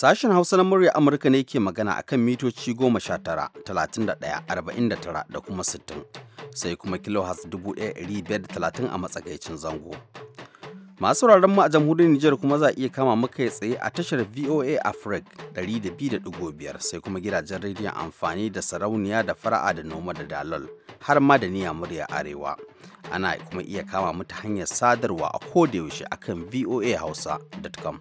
Sashen Hausa na murya Amurka ne ke magana a kan mitoci 19-31-49 da kuma 60, sai kuma kilohertz talatin a matsakaicin zango. Masu mu a jamhuriyar Nijar kuma za a iya kama muka tsaye a tashar VOA Africa biyar sai kuma gidajen rediyon amfani da sarauniya da fara'a da noma da dalol har ma da niya murya arewa. Ana kuma iya kama mu hanyar sadarwa a kodayaushe kan voahausa.com.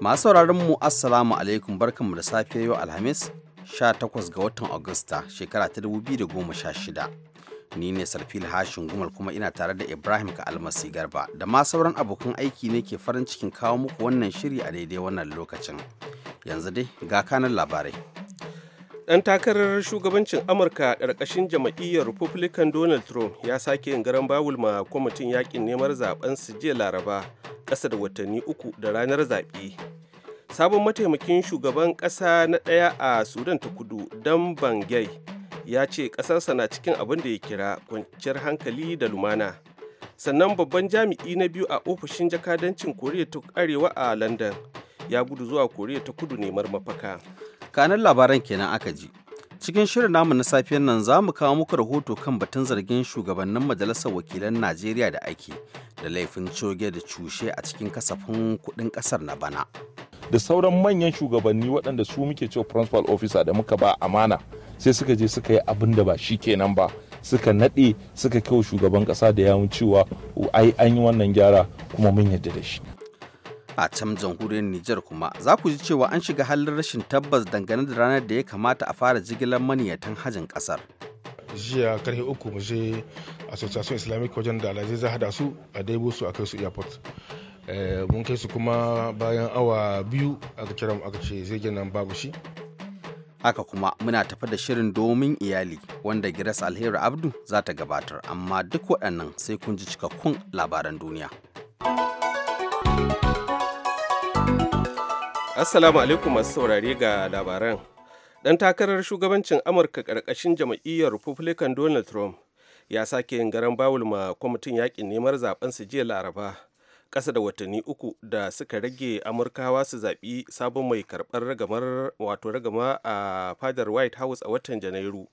Masu sauraron mu Assalamu alaikum barkanmu da safe yau Alhamis 18 ga watan Agusta shekara ta 2016. Ni ne Sarfil Hashin Gumal kuma ina tare da Ibrahim ka almasi garba da ma sauran abokan aiki ne ke farin cikin kawo muku wannan shiri a daidai wannan lokacin. Yanzu dai ga kanan labarai. Ɗan takarar shugabancin Amurka ƙarƙashin jama'iyyar Republican Donald Trump ya sake yin garan bawul ma kwamitin yakin neman zaben su jiya Laraba ƙasa da watanni uku da ranar zaɓe. sabon mataimakin shugaban ƙasa na ɗaya a sudan ta kudu dan bangai ya ce ƙasarsa na cikin abin da ya kira kwanciyar hankali da lumana sannan babban jami'i na biyu a ofishin jakadancin koriya ta arewa a london ya gudu zuwa koriya ta kudu neman mafaka kanan labaran kenan aka ji cikin shirin namu na safiyar nan za mu kawo muku rahoto kan batun zargin shugabannin majalisar wakilan najeriya da ake da laifin coge da cushe a cikin kasafin kudin ƙasar na bana da sauran manyan shugabanni waɗanda su muke cewa principal officer da muka ba amana sai suka je suka yi abin da ba shi kenan ba suka naɗe suka kyau shugaban kasa da yawun cewa ai an yi wannan gyara kuma mun yarda da shi a can jamhuriyar Nijar kuma za ku ji cewa an shiga halin rashin tabbas dangane da ranar da ya kamata a fara jigilar maniyatan hajin kasar. jiya karfe uku mu je association islamic wajen da alhaji za hada su a daibo su a kai su airport Eh, mun kai su kuma bayan awa biyu aka kira mu aka ce zai gina babu shi haka kuma muna tafa da shirin domin iyali wanda giras alheri abdu za ta gabatar amma duk waɗannan sai kun ji cikakkun labaran duniya assalamu alaikum masu saurare ga labaran ɗan takarar shugabancin amurka ƙarƙashin jam'iyyar republican donald trump ya sake yin garan bawul ma kwamitin yaƙin neman zaben su jiya laraba kasa da watanni uku da suka rage amurkawa su zaɓi sabon mai karɓar ragamar wato ragama a fadar white house a watan janairu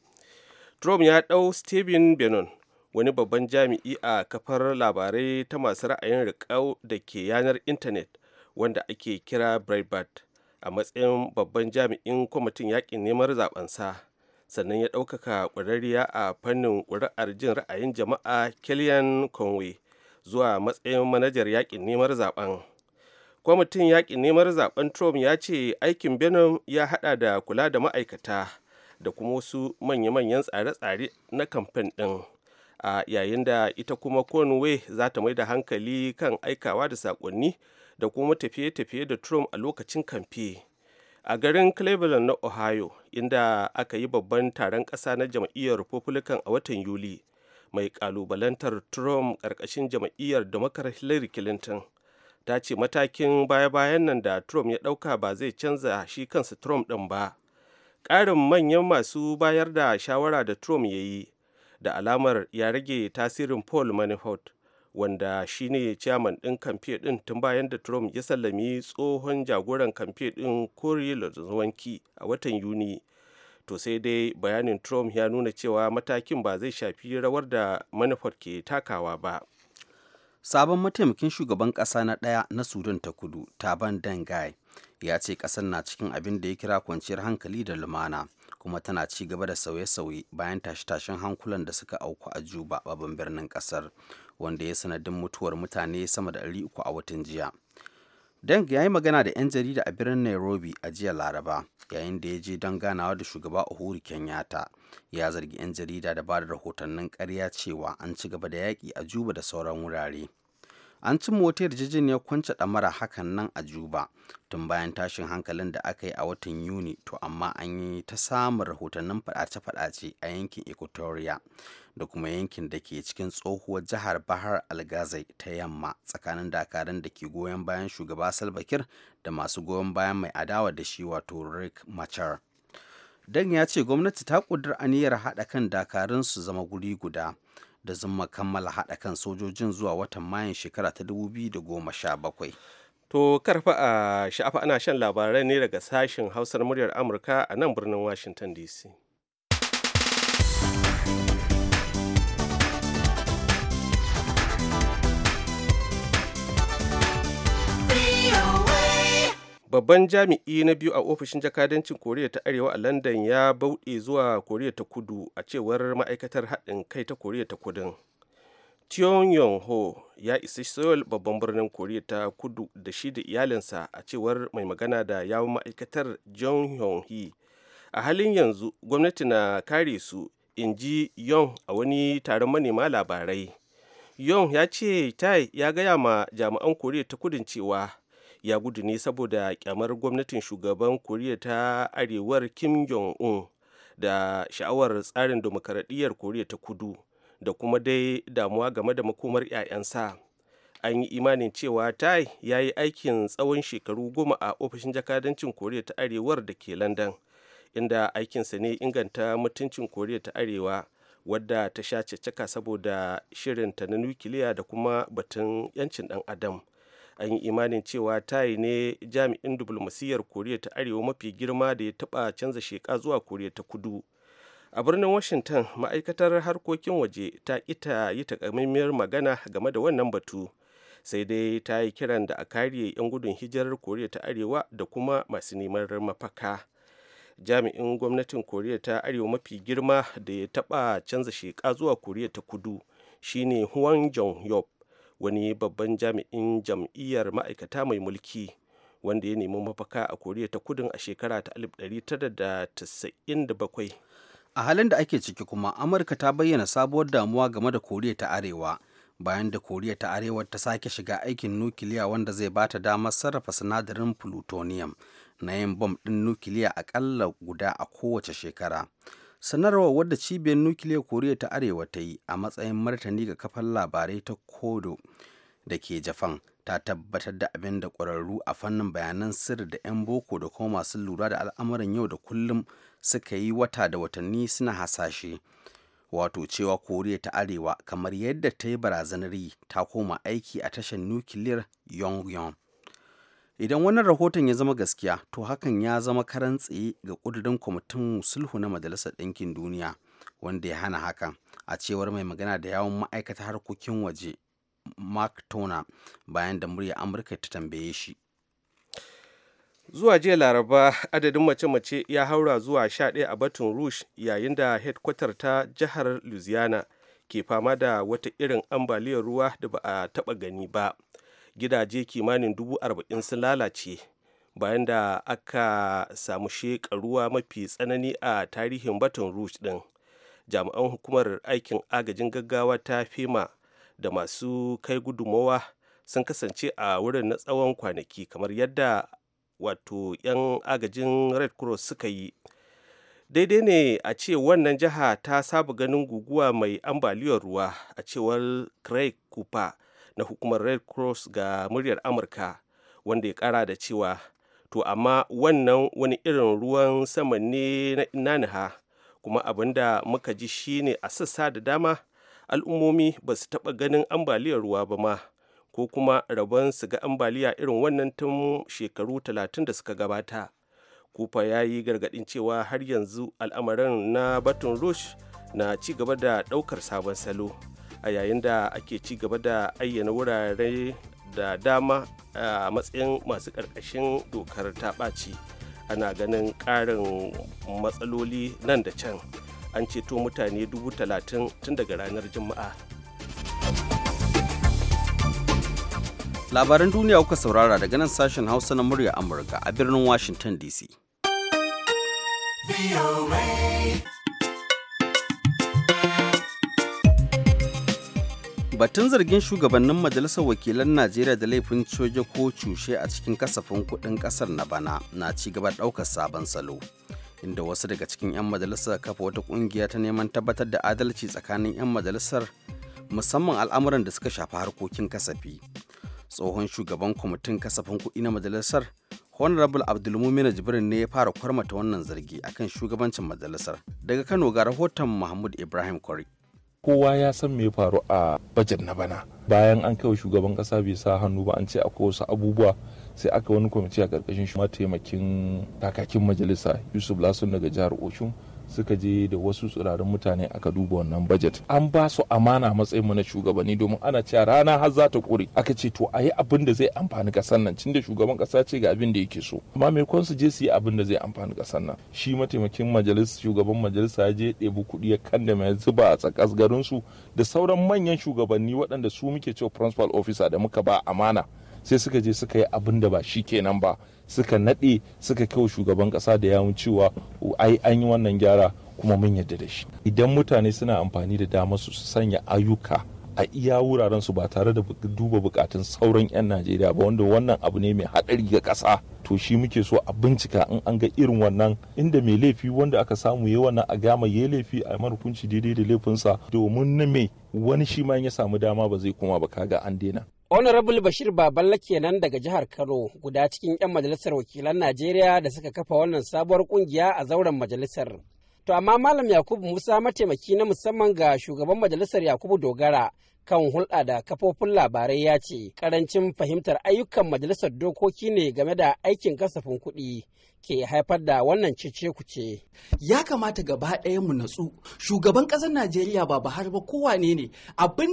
trump ya ɗau stephen benon wani babban jami'i a kafar labarai ta masu ra'ayin riƙau da ke yanar intanet wanda ake kira breitbart a matsayin babban jami'in kwamitin yaƙin neman zaɓensa sannan ya ɗaukaka ƙwararriya a fannin ƙuri'ar jin ra'ayin jama'a kellyanne conway zuwa matsayin manajar yakin nemar zaben kwamitin yakin nemar zaben trump ya ce aikin benin ya hada da kula da ma'aikata da kuma wasu manya-manyan tsare-tsare na kamfen ɗin a yayin da ita kuma conway za ta mai da hankali kan aikawa da saƙonni da kuma tafiye-tafiye da trump a lokacin kamfe a garin cleveland na ohio inda aka yi babban taron ƙasa na jam'iyyar republican a watan yuli mai kalubalantar trump karkashin jam'iyyar damakar hillary clinton ta ce matakin baya-bayan nan da trump ya ɗauka ba zai canza shi kansa trump din ba ƙarin manyan masu bayar da shawara da trump ya yi da alamar ya rage tasirin paul manafort wanda shine chairman ɗin kamfe ɗin tun bayan da trump ya sallami tsohon jagoran kamfe ɗin kori wanki a watan yuni to sai dai bayanin trump ya nuna cewa matakin ba zai shafi rawar da manufar ke takawa ba sabon mataimakin shugaban ƙasa na ɗaya na sudan ta kudu taban dangai ya ce ƙasar na cikin abin da ya kira kwanciyar hankali da lumana kuma tana ci gaba da sauye-sauye bayan tashe-tashen hankulan da suka auku a juba babban birnin ƙasar wanda ya sanadin mutuwar mutane sama da 300 a watan jiya Deng ya yi magana da 'yan jarida a birnin Nairobi a jiya Laraba yayin da ya je don ganawa da shugaba Uhuru Kenyatta. Ya zargi 'yan jarida da ba da rahotannin karya cewa an ci gaba da yaƙi a Juba da sauran wurare. an cin wata yarjejeniyar kwance ɗamara hakan nan a juba tun bayan tashin hankalin da aka yi a watan yuni to amma an yi ta samun rahotannin fadace-fadace a yankin equatoria da kuma yankin da ke cikin tsohuwar jihar bahar algazai ta yamma tsakanin dakarun da ke goyon bayan shugaba salbakir da masu goyon bayan mai adawa da shi wato rick machar dan ya ce gwamnati ta kudur aniyar haɗa kan dakarun su zama guri guda da zuma kammala haɗa kan sojojin zuwa watan mayan shekara ta 2017. To karfa a sha'afa ana shan labarai ne daga sashen hausar muryar Amurka a nan birnin Washington DC. babban jami'i na biyu a ofishin jakadancin koriya ta arewa a london ya bauɗe zuwa koriya ta kudu a cewar ma'aikatar haɗin kai ta koriya ta kudin tion yong ho ya isa seoul babban birnin koriya ta kudu da shi da iyalinsa a cewar mai magana da yawon ma'aikatar john yong hi a halin yanzu gwamnati na kare su in ji yong a wani taron manema labarai yong ya ce tai ya gaya ma jami'an koriya ta kudin cewa ya gudu ne saboda kyamar gwamnatin shugaban koriya ta arewar kim jong-un da sha'awar tsarin demokaradiyyar koriya ta kudu da kuma dai damuwa game da makomar 'ya'yansa an yi imanin cewa tai ya yi aikin tsawon shekaru goma a ofishin jakadancin koriya ta arewar da ke london inda aikinsa ne inganta mutuncin koriya ta arewa wadda ta sha caccaka saboda shirinta na nukiliya da kuma batun 'yancin dan adam an yi imanin cewa tai ne jami'in diflomasiyyar koriya ta arewa mafi girma da ya taɓa canza sheka zuwa koriya ta kudu a birnin washington ma'aikatar harkokin waje ta ita yi takamaimiyar magana game da wannan batu sai dai ta yi kiran da a kariye 'yan gudun hijirar koriya ta arewa da kuma masu neman mafaka jami'in gwamnatin koriya ta arewa mafi girma da ya taɓa canza sheka zuwa koriya ta kudu shine huang jong yop wani babban jami'in jam'iyyar ma'aikata mai mulki wanda ya nemi mafaka a koriya ta kudin a shekara ta 1997 a halin da ake ciki kuma amurka ta bayyana sabuwar damuwa game da koriya ta arewa bayan da koriya ta arewa ta sake shiga aikin nukiliya wanda zai ba ta damar sarrafa sinadarin plutonium na yin bom ɗin nukiliya akalla guda a kowace shekara sanarwar wadda cibiyar nukiliyar koriya ta arewa ta yi a matsayin martani ga kafar labarai ta kodo da ke japan ta tabbatar da abin da ƙwararru a fannin bayanan sirri da 'yan boko da kuma masu lura da al'amuran yau da kullum suka yi wata da watanni suna hasashe wato cewa koriya ta arewa kamar yadda ta yi barazanar yi ta koma aiki a tashar nukiliyar yongyong idan wannan rahoton ya zama gaskiya to hakan ya zama karan tsaye ga ƙudurin kwamitin sulhu na majalisar ɗinkin duniya wanda ya hana hakan a cewar mai magana da yawon ma'aikata harkokin waje mark bayan da murya amurka ta tambaye shi zuwa jiya laraba adadin mace-mace ya haura zuwa 11 a batun rouge yayin da headkwatar ta jihar louisiana ke fama da wata irin ambaliyar ruwa da ba a taba gani ba gidaje kimanin dubu arba'in sun lalace bayan da aka samu shekaruwa mafi tsanani a tarihin baton rouge din jami'an hukumar aikin agajin gaggawa ta fema da masu kai gudummawa sun kasance a wurin na tsawon kwanaki kamar yadda wato 'yan agajin red cross suka yi daidai ne a ce wannan jiha ta saba ganin guguwa mai ambaliyar ruwa a cewar craig cooper na hukumar red cross ga muryar amurka wanda ya kara da cewa to amma wannan wani irin ruwan sama ne na inaniha kuma abinda muka ji shine a sassa da dama al'ummomi ba su taɓa ganin ambaliyar ruwa ba ma ko kuma rabon su ga ambaliya irin wannan tun shekaru talatin da suka gabata kufa ya yi gargadin cewa har yanzu al'amarin na baton rouge na ci gaba da ɗaukar sabon salo. a yayin da ake ci gaba da ayyana wurare da dama a matsayin masu ƙarƙashin dokar ta ɓaci ana ganin ƙarin matsaloli nan da can an ceto mutane dubu talatin tun daga ranar juma'a labaran duniya kuka saurara daga nan sashen hausa na murya amurka a birnin washington dc batun zargin shugabannin majalisar wakilan najeriya da laifin coge ko cushe a cikin kasafin kudin kasar na bana na ci gaba daukar sabon salo inda wasu daga cikin 'yan majalisar kafa wata kungiya ta neman tabbatar da adalci tsakanin 'yan majalisar musamman al'amuran da suka shafi harkokin kasafi tsohon shugaban kwamitin kasafin kuɗi na majalisar honorable abdulmumin jibrin ne ya fara kwarmata wannan zargi akan shugabancin majalisar daga kano ga rahoton mahmud ibrahim kwari kowa ya san me faru a bajet na bana bayan an kai shugaban kasa bai sa hannu ba an ce akwai wasu abubuwa sai aka wani kwamiti a karkashin shi ma taimakin kakakin majalisa yusuf lasun daga jihar oshun suka je da wasu tsirarin mutane aka duba wannan budget an ba su amana matsayin mu na shugabanni domin ana cewa rana har za ta kure aka ce to a yi abin da zai amfani kasar nan cin da shugaban kasa ce ga abin da yake so amma maimakon su je su yi abin da zai amfani kasar nan shi mataimakin majalis shugaban majalisa ya je ɗebi kuɗi ya da mai zuba a tsakas garin su da sauran manyan shugabanni waɗanda su muke cewa principal officer da muka ba amana sai suka je suka yi abin da ba shi kenan ba suka naɗe suka kawo shugaban kasa da yawun cewa ai an yi wannan gyara kuma mun yarda da shi idan mutane suna amfani da damar su sanya ayyuka a iya wuraren su ba tare da duba bukatun sauran 'yan najeriya ba wanda wannan abu ne mai haɗari ga kasa. to shi muke so a bincika in an ga irin wannan inda mai laifi wanda aka samu ya wannan a gama ya laifi a mara hukunci daidai da laifinsa domin na mai wani shi ma ya samu dama ba zai koma ba kaga an daina Honorable Bashir Baballa kenan daga jihar Kano guda cikin 'yan majalisar wakilan Najeriya da suka kafa wannan sabuwar kungiya a zauren majalisar. To amma Malam Yakubu Musa mataimaki na musamman ga shugaban majalisar Yakubu Dogara kan hulɗa da kafofin labarai ya ce karancin fahimtar ayyukan majalisar dokoki ne game da aikin kasafin kuɗi ke haifar da wannan cece kuce. Ya kamata gaba ɗaya mu natsu shugaban ƙasar Najeriya ba Buhari ba kowane ne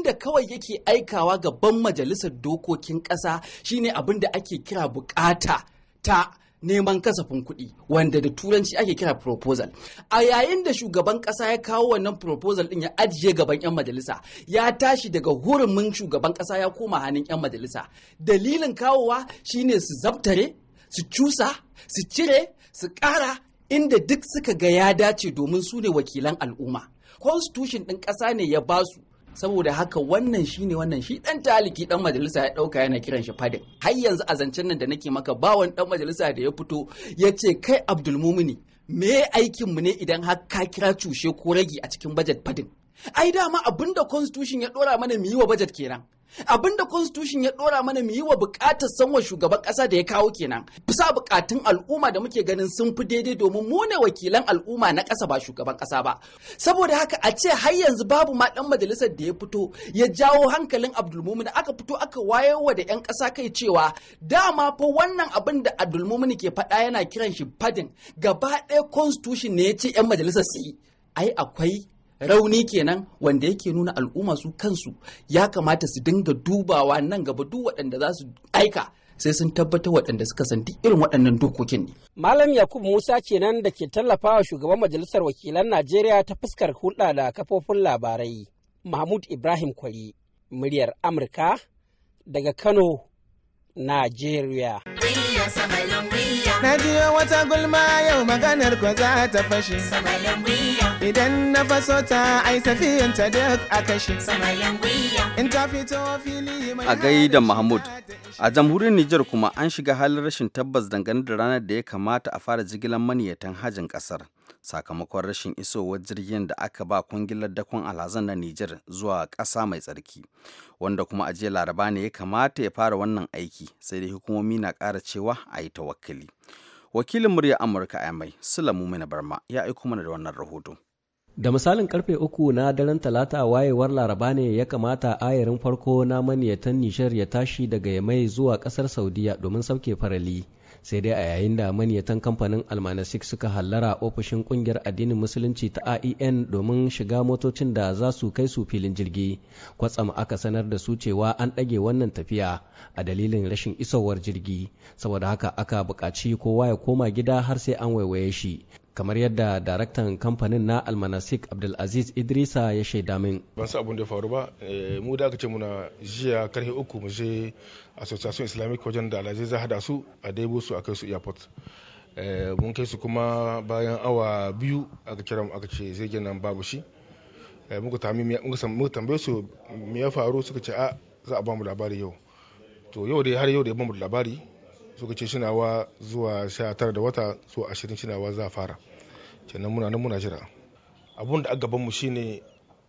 da kawai yake aikawa gaban majalisar dokokin ƙasa shine abin da ake kira bukata ta neman kasafin kuɗi wanda da turanci ake kira proposal a yayin da shugaban ƙasa ya kawo wannan proposal din ya ajiye gaban 'yan majalisa ya tashi daga hurumin shugaban ƙasa ya koma hannun 'yan majalisa dalilin kawowa shine su zabtare su cusa su cire su ƙara inda duk suka ga ya dace domin su ne wakilan al'umma constitution ɗin ƙasa ne ya basu saboda haka wannan shi ne wannan shi dan taliki dan majalisa ya dauka yana kiran shi fadin har yanzu a zancen nan da nake maka bawan wani dan majalisa da ya fito ya ce kai abdulmumini me aikin mu ne idan har ka kira cushe ko rage a cikin bajet fadin ai dama abinda constitution ya dora mana mu yi wa budget kenan abinda constitution ya dora mana mu yi wa bukatar sanwa shugaban kasa da ya kawo kenan bisa bukatun al'umma da muke ganin sun fi daidai domin mu ne wakilan al'umma na kasa ba shugaban kasa ba saboda haka a ce har yanzu babu ma dan majalisar da ya fito ya jawo hankalin abdulmumin aka fito aka wa da yan kasa kai cewa dama fa wannan abin da abdulmumin ke faɗa yana kiran shi fadin gaba ɗaya constitution ne ya ce yan majalisar su yi ai akwai rauni kenan wanda yake nuna al'umma su kansu ya kamata su dinga dubawa nan gaba duk waɗanda za su aika sai sun tabbatar waɗanda suka san duk irin waɗannan dokokin ne. Malam Yakubu Musa kenan da ke tallafawa shugaban majalisar wakilan Najeriya ta fuskar hulɗa da kafofin labarai. Mahmud Ibrahim Kwari, muryar Amurka daga Kano, Najeriya. Na jiyo wata gulma yau maganar ko za ta fashe. Idan na faso ta ai safiyan ta duk a kashe. In ta fito fili A gaida Mahmud a jamhuriyar Nijar kuma an shiga halin rashin tabbas dangane da ranar da ya kamata a fara jigilar maniyatan hajin ƙasar, sakamakon rashin isowar jirgin da aka ba kungilar dakon alhazan na Nijar zuwa ƙasa mai tsarki wanda kuma a jiya laraba ne ya kamata ya fara wannan aiki sai dai hukumomi na ƙara cewa a yi tawakkali wakilin murya amurka a mai sulamu barma ya aiko mana da wannan rahoto Da misalin karfe uku na daren talata wayewar laraba ne ya kamata ayarin farko na maniyatan Nishar ya tashi daga Yamai zuwa kasar Saudiya domin sauke farali. Sai dai a yayin da maniyatan kamfanin Almanasik suka hallara ofishin kungiyar addinin musulunci ta AEN domin shiga motocin da za su kai su filin jirgi. Kwatsam aka sanar da su cewa an ɗage wannan tafiya a dalilin rashin isowar jirgi. Saboda haka aka bukaci kowa ya koma gida har sai an waiwaye shi. kamar yadda daraktan kamfanin na almanasik abdulaziz idrisa ya shaida min ban sa abun da faru ba eh, mu da aka ce muna jiya karfe uku mu je association islamic wajen da alhaji za hada su a daibo su a kai su airport eh, mun kai su kuma bayan awa biyu aka kira aka ce zai gina babu shi eh, muka tambaye su me ya faru suka ce a ah, za a ba mu labari yau to yau dai har yau da ya ba mu labari suka ce shinawa zuwa sha tara da wata zuwa ashirin shinawa za a fara kenan muna nan muna jira abun da a gabanmu shine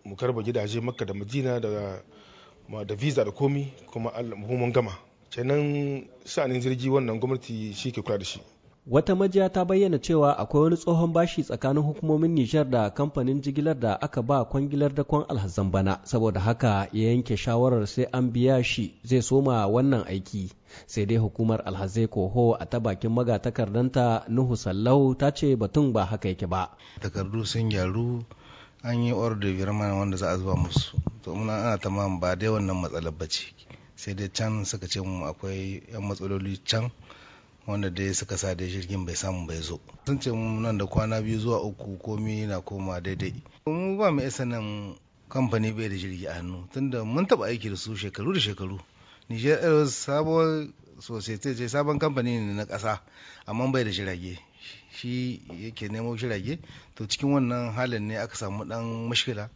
mu karba gidaje makka da madina da da visa da komi kuma mun gama kenan sha'anin jirgi wannan gwamnati shi ke kula da shi wata majiya ta bayyana cewa akwai wani tsohon bashi tsakanin hukumomin Nijar da kamfanin jigilar da aka ba kwangilar da kwan alhazan bana saboda haka ya yanke shawarar sai an biya shi zai soma wannan aiki sai dai hukumar alhazai koho a ta bakin magatakardanta Nuhu Sallau ta ce batun ba haka yake ba takardu sun gyaru an yi order wanda za a zuba musu to muna ana tamam ba dai wannan matsalar bace sai dai can suka ce mu akwai yan matsaloli can wanda dai suka sa dai jirgin bai samu bai zo sun ce mu nan da kwana biyu zuwa uku komi na koma daidai mu ba mu isa nan kamfani bai da jirgi a hannu tunda mun taba aiki da su shekaru da shekaru Niger Airways sabuwar society ce sabon kamfani ne na kasa amma bai da jirage shi yake nemo jirage to cikin wannan halin ne aka samu dan mashkila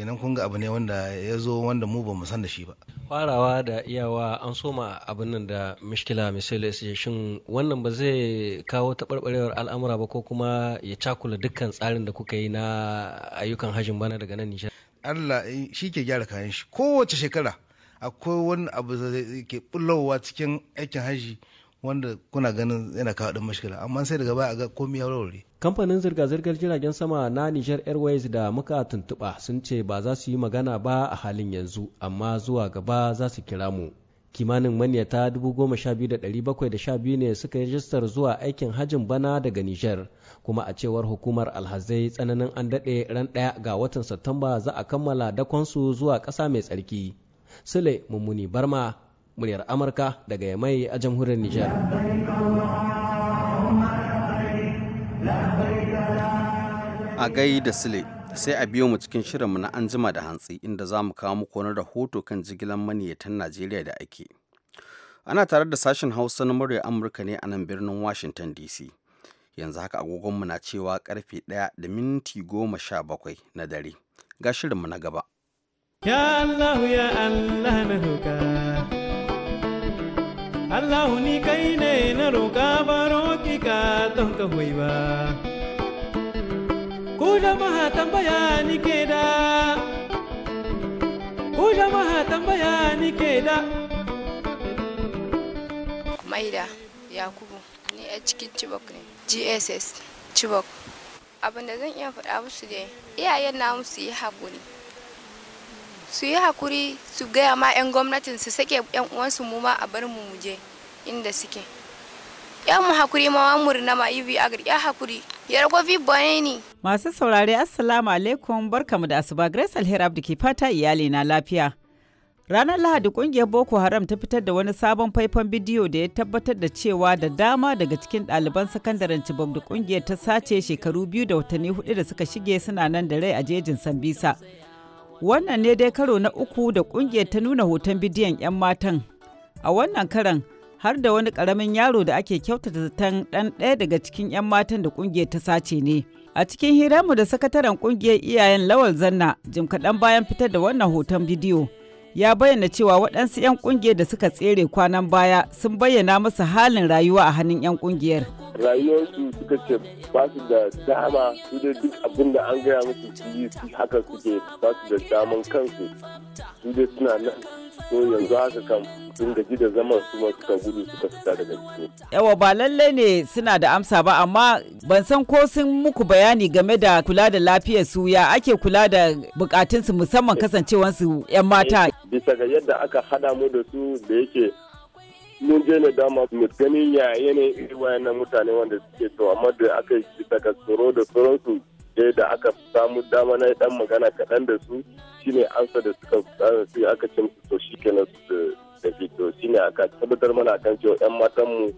kenan kun ga abu ne wanda ya zo wanda mu ba mu san da shi ba farawa da iyawa an soma abin nan da mishkila misali shin wannan ba zai kawo taɓarɓarewar al'amura ba ko kuma ya cakula dukkan tsarin da kuka yi na ayyukan hajjin bana daga nan nishan Allah eh, shi ke gyara kayan shi kowace shekara akwai wani abu da ke bullowa cikin aikin hajji wanda kuna ganin yana kawo mashkila amma sai daga baya a ga komi ya warware kamfanin zirga-zirgar jiragen sama na niger airways da muka tuntuɓa sun ce ba za su yi magana ba a halin yanzu amma zuwa gaba za su kira mu kimanin manyata 12,712 ne suka yi rajistar zuwa aikin hajin bana daga niger kuma a cewar hukumar alhazai tsananin an daɗe ran ɗaya ga watan Satumba za a kammala dakon su zuwa ƙasa mai tsarki. Sule Mummuni Barma muryar Amurka daga Yamai a jamhuriyar Nijar. A gai da sile sai a biyo mu cikin shirinmu na anjima da hantsi inda za mu kawo muku wani rahoto kan jigilar maniyatan Najeriya da ake. Ana tare da sashen Hausa na murya Amurka ne a nan birnin Washington DC. Yanzu haka agogonmu na cewa karfe ɗaya da minti goma sha na dare. Ga shirinmu na gaba. Ya Allah ya Allah na roƙa. Allah ni kai ne na roka baro ki ka don ka hoyi ba. Ku jama'a tambaya ni ke da, ku jama'a tambaya ni ke da. Maida Yakubu ni a cikin Chibok ne, GSS Chibok. Abin da zan iya faɗa musu dai, iyayen na musu yi hakuri. su yi hakuri su gaya ma 'yan gwamnatin su sake 'yan uwansu mu ma a bar mu muje inda suke ya mu hakuri ma wa murna ma yi agri ya hakuri ya ragofi bane ni masu saurare assalamu alaikum barkamu da asuba grace alheri ke fata iyali na lafiya ranar lahadi kungiyar boko haram ta fitar da wani sabon faifan bidiyo da ya tabbatar da cewa da dama daga cikin ɗaliban sakandaren cibok da kungiyar ta sace shekaru biyu da watanni hudu da suka shige suna nan da rai a jejin sambisa Wannan ne dai karo na uku da kungiyar ta nuna hoton bidiyon 'yan matan. A wannan karan har da wani karamin yaro da ake kyautata zaton ɗan ɗaya daga cikin 'yan matan da kungiyar ta sace ne. A cikin mu da sakataren kungiyar iyayen Lawal Zanna jim kaɗan bayan fitar da wannan hoton bidiyo. ya bayyana cewa waɗansu 'yan ƙungiyar da suka tsere kwanan baya sun bayyana masa halin rayuwa a hannun 'yan ƙungiyar. rayuwarsu suka ce ba su da dama su da duk abin da an gaya musu su yi haka suke ba su da daman kansu su da suna nan so yanzu haka kan sun gaji da zaman su suka gudu suka fita daga ciki. Yawa ba lalle ne suna da amsa ba amma ban san ko sun muku bayani game da kula da lafiyar su ya ake kula da bukatun su musamman kasancewar su yan mata. Bisa ga yadda aka hada mu da su da yake mun je ne dama mu gani ya yanayin iri wayannan mutane wanda suke to amma da aka yi bisa ga tsoro da tsoron su ƙarshe da aka samu dama na dan magana kaɗan da su shine ansa da suka su aka ce musu to shi kenan su da to shine aka tabbatar mana kan cewa 'yan mu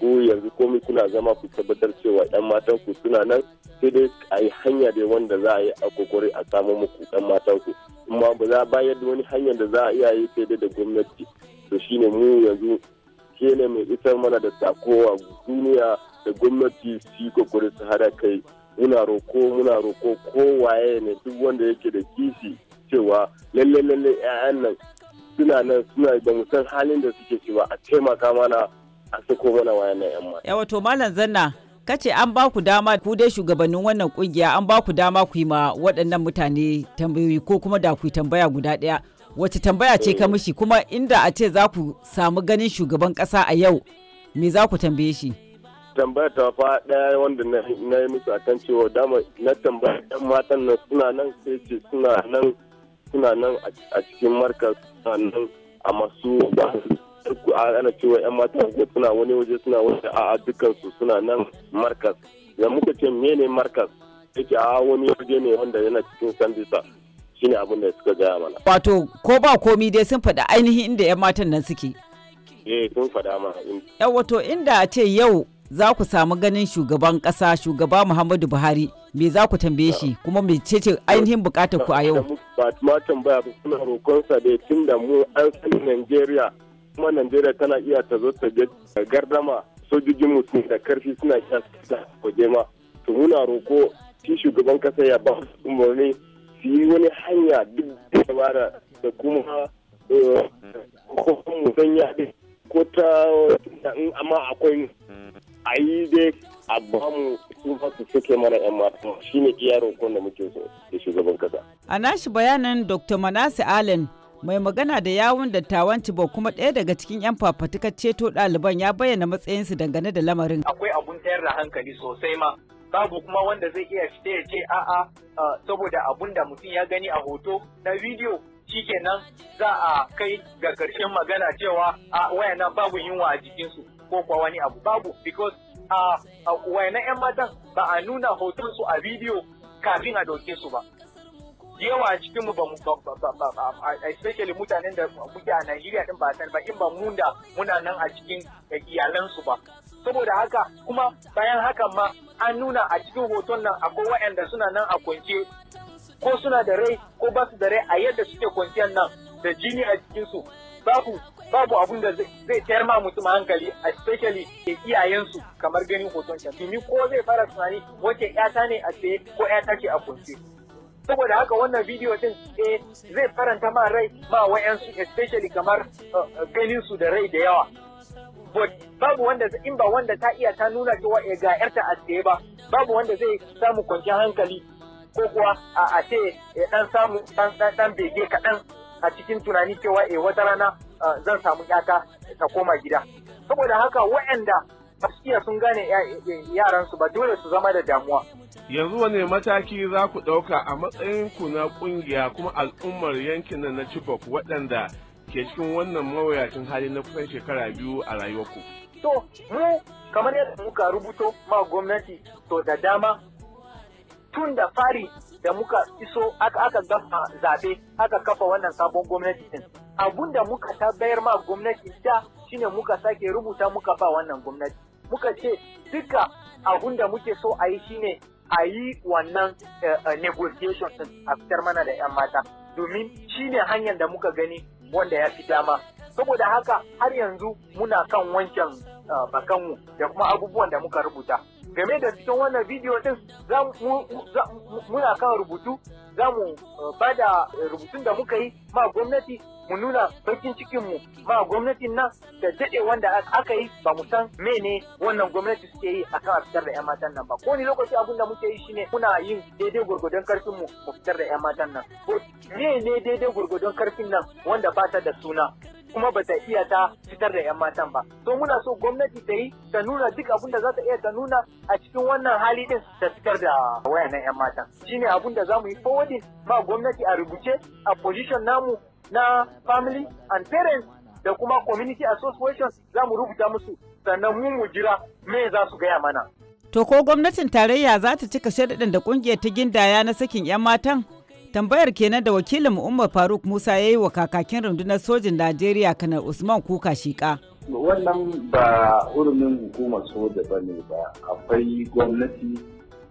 ko yanzu komai kuna zama ku tabbatar cewa 'yan matan ku suna nan sai dai a yi hanya dai wanda za a yi a kokori a samu muku 'yan matan ku amma ba za bayar da wani hanyar da za a iya yi sai dai da gwamnati to shine mu yanzu kene mai isar mana da takowa duniya da gwamnati su yi kokori su hada kai muna roko muna roko kowaye ne duk wanda yake da kishi cewa lalle lalle 'ya'yan nan suna nan suna da musan halin da suke cewa a taimaka mana a sako mana wayan 'yan mata. Yawa to malam zanna kace an ba ku dama ku dai shugabannin wannan kungiya an ba ku dama ku yi ma waɗannan mutane tambayoyi ko kuma da ku tambaya guda ɗaya wace tambaya ce ka eh. mishi kuma inda a ce za ku samu ganin shugaban ƙasa a yau me za ku tambaye shi tambaya ta fa ɗaya wanda na yi musu akan cewa dama na tambaya ɗan matan nan suna nan sai ce suna nan suna nan a cikin marka suna nan a masu ana cewa yan matan suna wani waje suna wani a'a su suna nan marka da muka ce mene marka yake a wani waje ne wanda yana cikin sandisa shine abin da suka gaya mana wato ko ba komi dai sun faɗi ainihin inda yan matan nan suke eh sun faɗa ma in inda a ce yau za ku samu ganin shugaban kasa shugaba Muhammadu Buhari me za ku tambaye shi kuma me ce ce ainihin bukatar ku a yau. Ba ma tambaya ba suna roƙonsa da tun da mu an sani Najeriya kuma Najeriya tana iya ta zo ta gardama sojojin musulmi da karfi suna iya ta waje ma. To muna roƙo shi shugaban kasa ya ba umarni su yi wani hanya duk da da kuma eh, hukumar musanya ko ta amma akwai a yi dai a ba mu su suke mana 'yan mata shi ne iya roƙon da muke so da shugaban kasa. A nashi bayanin Dr. Manasi Allen mai magana da yawun dattawan ba kuma ɗaya daga cikin 'yan fafatukar ceto ɗaliban ya bayyana matsayinsu dangane da lamarin. Akwai abun tayar da hankali sosai ma babu kuma wanda zai iya fita ya ce a'a uh, saboda abun da mutum ya gani a hoto na bidiyo shikenan za a kai ga ƙarshen magana cewa a wayannan babu yunwa a jikinsu. ko kuwa wani abu babu because a na 'yan matan ba a nuna hoton su a bidiyo kafin a doke su ba yawa a cikinmu ba mu especially mutanen da muke a Najeriya din ba san ba in ba mun da muna nan a cikin iyalansu ba saboda haka kuma bayan haka ma an nuna a cikin hoton nan akwai waɗanda suna nan a kwance ko suna da rai ko ba su da rai a yadda suke kwanciyar nan da jini a su babu babu abun da zai tayar ma mutum hankali especially ke iyayensu kamar ganin hoton can ko zai fara tunani wace ƴata ne a tsaye ko ƴata ce a kunce saboda haka wannan bidiyo din eh, zai faranta ma rai ma wayansu especially kamar eh, eh, ganin su da rai da yawa but babu wanda in ba wanda ta iya ta nuna cewa ga yarta a tsaye ba babu wanda zai samu kwanciyar hankali ko kuwa a ce dan samu dan bege kaɗan a cikin tunani cewa eh wata rana uh, zan samu yata ta koma gida saboda haka waɗanda ba sun gane yaransu ba dole su zama da damuwa yanzu wane mataki za ku ɗauka a matsayin ku na ƙungiya kuma al'ummar yankin nan na Chibok waɗanda ke cikin wannan mawuyacin hali na kusan shekara biyu a rayuwarku. To mu kamar yadda muka rubuto ma gwamnati to da dama tun da fari da muka iso aka gafa zaɓe aka kafa wannan sabon gwamnati din abun da muka tabbayar ma gwamnati da shine muka sake rubuta muka ba wannan gwamnati muka ce duka abun da muke so a yi shine a yi wannan eh, eh, negotiation a fitar mana da 'yan mata domin shine hanyar da muka gani wanda ya fi dama saboda haka har yanzu muna kan wancan eh, bakanmu da kuma abubuwan da muka rubuta game da cikin wannan bidiyo din muna kan rubutu za mu eh, ba da eh, rubutun da muka yi ma gwamnati mu nuna bakin cikinmu ma gwamnatin nan da daɗe wanda aka yi ba mu san mene wannan gwamnati suke yi a kan fitar da 'yan matan nan ba kowane lokaci abin da muke yi shine muna yin daidai gwargwadon karfin mu fitar da 'yan matan nan ne ne daidai gwargwadon karfin nan wanda ba ta da suna kuma ba ta iya ta fitar da 'yan matan ba. To muna so gwamnati ta yi ta nuna duk abin da za ta iya ta nuna a cikin wannan hali din ta fitar da wayannan 'yan matan. Shi ne abin da za mu yi forwarding ba gwamnati a rubuce a position namu na family and parents da kuma community Association za mu rubuta musu sannan mu mu jira me za su gaya mana. To ko gwamnatin tarayya za ta cika sharaɗin da ƙungiyar ta gindaya na sakin 'yan matan? Tambayar kenan da wakilin Umar Faruk Musa ya yi wa kakakin rundunar sojin Najeriya kanar Usman Kuka Shika. Wannan ba hurumin hukumar soja ba ne ba, akwai gwamnati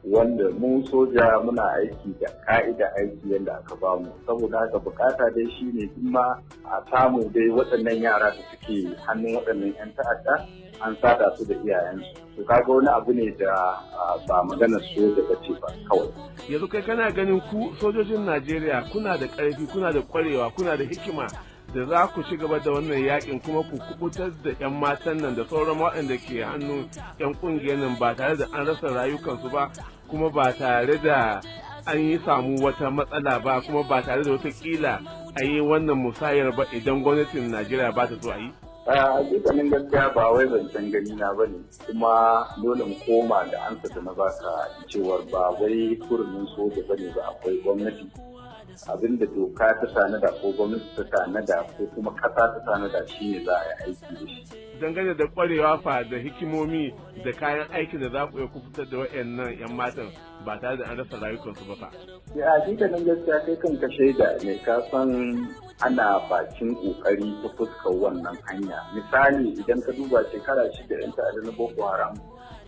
wanda mu soja muna aiki da ka'ida aiki yadda aka bamu saboda haka bukata dai shine ma a samu dai waɗannan yara da suke hannun waɗannan 'yan ta'adda an sata su da iyayensu to kaga wani abu ne da ah, ba magana su ba ce ba kawai yanzu kai kana ganin ku sojojin najeriya kuna da ƙarfi kuna da ƙwarewa kuna da hikima da za ku ci gaba da wannan yakin kuma ku kubutar da 'yan matan nan da sauran waɗanda ke hannun 'yan ƙungiyar nan ba tare da an rasa rayukansu ba kuma ba tare da an yi samu wata matsala ba kuma ba tare da wata kila a yi wannan musayar ba idan gwamnatin najeriya ba ta so a yi a gaskiya ba wai zancen gani na ba ne, kuma dole mu koma da ansa da na baka cewar ba wai kurumin soja ba ne ba akwai gwamnati abin da doka ta da ko gwamnati ta da ko kuma kasa ta da shi ne za a yi aiki da shi. Dangane da kwarewa fa da hikimomi da kayan aikin da za ku iya kufutar da wayannan 'yan matan ba tare da an rasa rayukansu ba fa. Ya gaskiya kai kan kashe da ne ka san ana bakin kokari ta fuskar wannan hanya misali idan ka duba shekara shida yan ta'adda na boko haram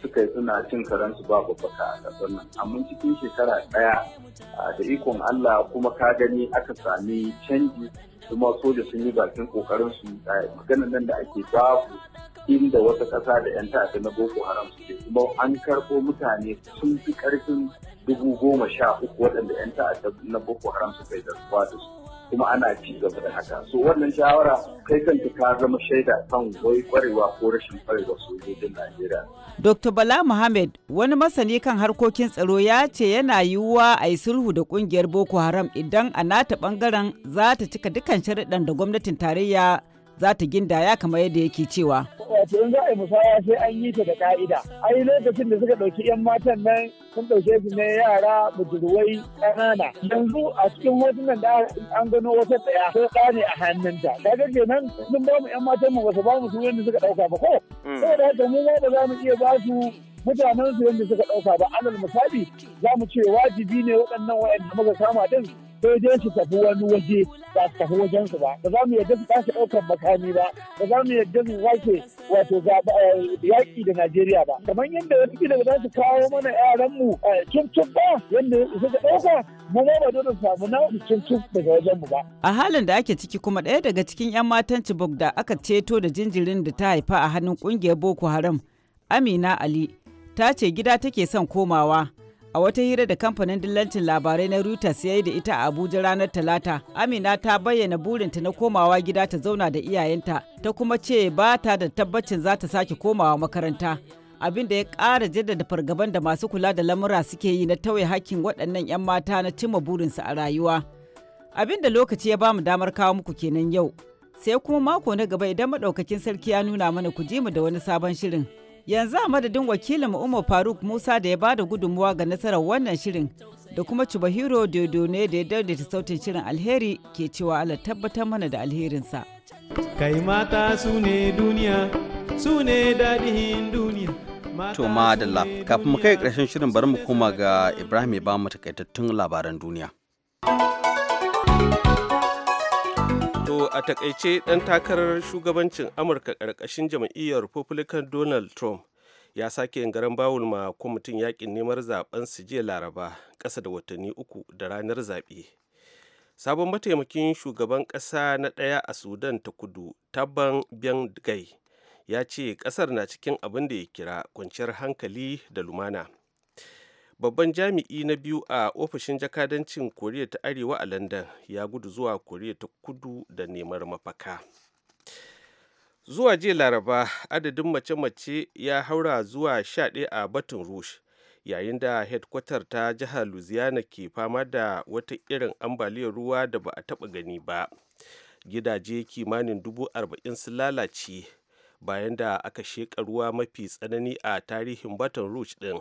suka yi suna cin karansu ba babbaka a ƙasar nan amma cikin shekara ɗaya da ikon allah kuma ka gani aka sami canji kuma soja sun yi bakin kokarin su magana nan da ake babu inda wata kasa da 'yan ta'adda na boko haram suke kuma an karɓo mutane sun fi ƙarfin dubu goma sha uku waɗanda 'yan ta'adda na boko haram suka yi da su kuma ana ci gaba da haka so wannan shawara kai kanta ka zama shaida kan wai kwarewa ko rashin kwarewa sojojin najeriya dr bala muhammad wani masani kan harkokin tsaro ya ce yana yiwuwa a yi sulhu da kungiyar boko haram idan a nata bangaren za ta cika dukkan sharuɗan da gwamnatin tarayya za ta ya kamar yadda yake cewa. Wato in za a yi musaya sai an yi ta da ka'ida. Ai lokacin da suka ɗauki 'yan matan nan sun ɗauke su ne yara budurwai ƙanana. Yanzu a cikin nan da an gano wata tsaya ko ne a hannunta. Kaga kenan sun ba mu 'yan matan mu wasu ba mu su yadda suka ɗauka ba ko. Mm. Saboda haka mu ba za mu iya ba su mutanen su yadda suka ɗauka ba alal misali za mu ce wajibi ne waɗannan wa'anda muka kama din sai dai su tafi wani waje ba su tafi wajen su ba ba za mu yadda su tashi ɗaukar makami ba ba za mu yadda su sake wato eh, yaƙi da Najeriya ba kamar yadda wasu kila za su kawo mana yaranmu eh, cuncun ba yadda suka ɗauka mu ma ba dole samu na cuncun daga wajen mu ba. A halin da ake ciki kuma ɗaya daga cikin 'yan matan cibok da aka ceto da jinjirin da ta haifa a hannun ƙungiyar Boko Haram Amina Ali ta ce gida take son komawa. a wata hira da kamfanin dillancin labarai na Reuters ya yi da ita a Abuja ranar Talata, Amina ta bayyana burinta na komawa gida ta zauna da iyayenta, ta kuma ce ba ta da tabbacin za ta sake komawa makaranta. Abin da ya ƙara jaddada fargaban da masu kula da lamura suke yi na tauye hakkin waɗannan 'yan mata na cimma burinsu a rayuwa. Abin da lokaci ya bamu damar kawo muku kenan yau. Sai kuma mako na gaba idan maɗaukakin sarki ya nuna mana ku ji mu da wani sabon shirin. yanzu a madadin wakilin umar faruk musa da ya bada gudunmuwa ga nasarar wannan shirin da kuma dodo ne da ya daidaita sautin shirin alheri ke cewa ala tabbatar mana da alherinsa. Kai mata su ne duniya, su ne daɗin duniya. To madalla, kafin mu kai ƙarshen shirin bari mu koma ga Ibrahim ya ba mu takaitattun labaran duniya. To a takaice ɗan takarar shugabancin Amurka ƙarƙashin jam'iyyar Republican Donald Trump ya sake yin garan bawul ma kwamitin yakin neman zaben su jiya Laraba ƙasa da watanni uku da ranar zaɓe. Sabon mataimakin shugaban ƙasa na ɗaya a Sudan ta kudu Tabban Bian Gai ya ce ƙasar na cikin abin da ya kira kwanciyar hankali da lumana. babban jami'i na biyu a ofishin jakadancin koriya ta arewa a london ya gudu zuwa koriya ta kudu da neman mafaka zuwa jiya laraba adadin mace-mace ya haura zuwa 11 a baton rouge yayin da headkwatar ta jihar louisiana ke fama da wata irin ambaliyar ruwa da ba a taba gani ba gidaje kimanin dubu arba'in sun lalace bayan da aka sheƙa ruwa mafi tsanani a tarihin baton rouge din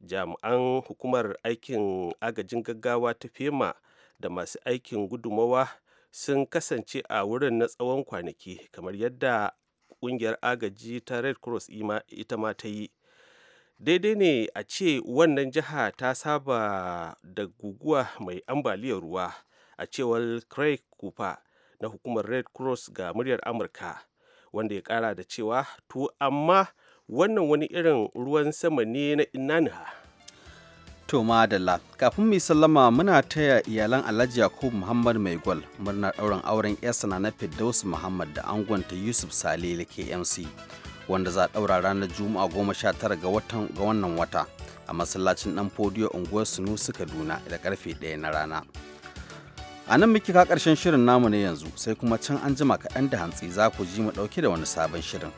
jami'an hukumar aikin agajin gaggawa ta fema da masu aikin gudumawa sun kasance a wurin na tsawon kwanaki kamar yadda kungiyar agaji ta red cross ita ma ta yi daidai ne a ce wannan jiha ta saba da guguwa mai ambaliyar ruwa a cewar craig cooper na hukumar red cross ga muryar amurka wanda ya kara da cewa to amma wannan wani irin ruwan sama ne na inaniha to madalla kafin mu sallama muna taya iyalan alhaji yakub muhammad mai gwal murnar dauran auren yasa na firdaus muhammad da angonta yusuf salele kmc wanda za a ɗaura ranar juma'a goma sha tara ga watan wannan wata a masallacin dan fodiyo unguwar suka kaduna da karfe ɗaya na rana a nan muke ka karshen shirin namu na yanzu sai kuma can an jima kaɗan da hantsi za ku ji mu ɗauke da wani sabon shirin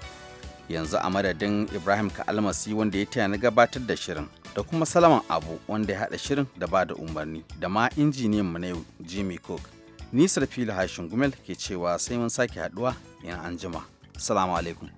yanzu a madadin ibrahim ka'almasi wanda ya taya na gabatar da shirin da kuma salaman abu wanda ya haɗa shirin da ba da umarni da ma injiniyan mu na yau jimmy cook nisar filu hashin gumel ke cewa sai mun sake haɗuwa in an jima salamu alaikum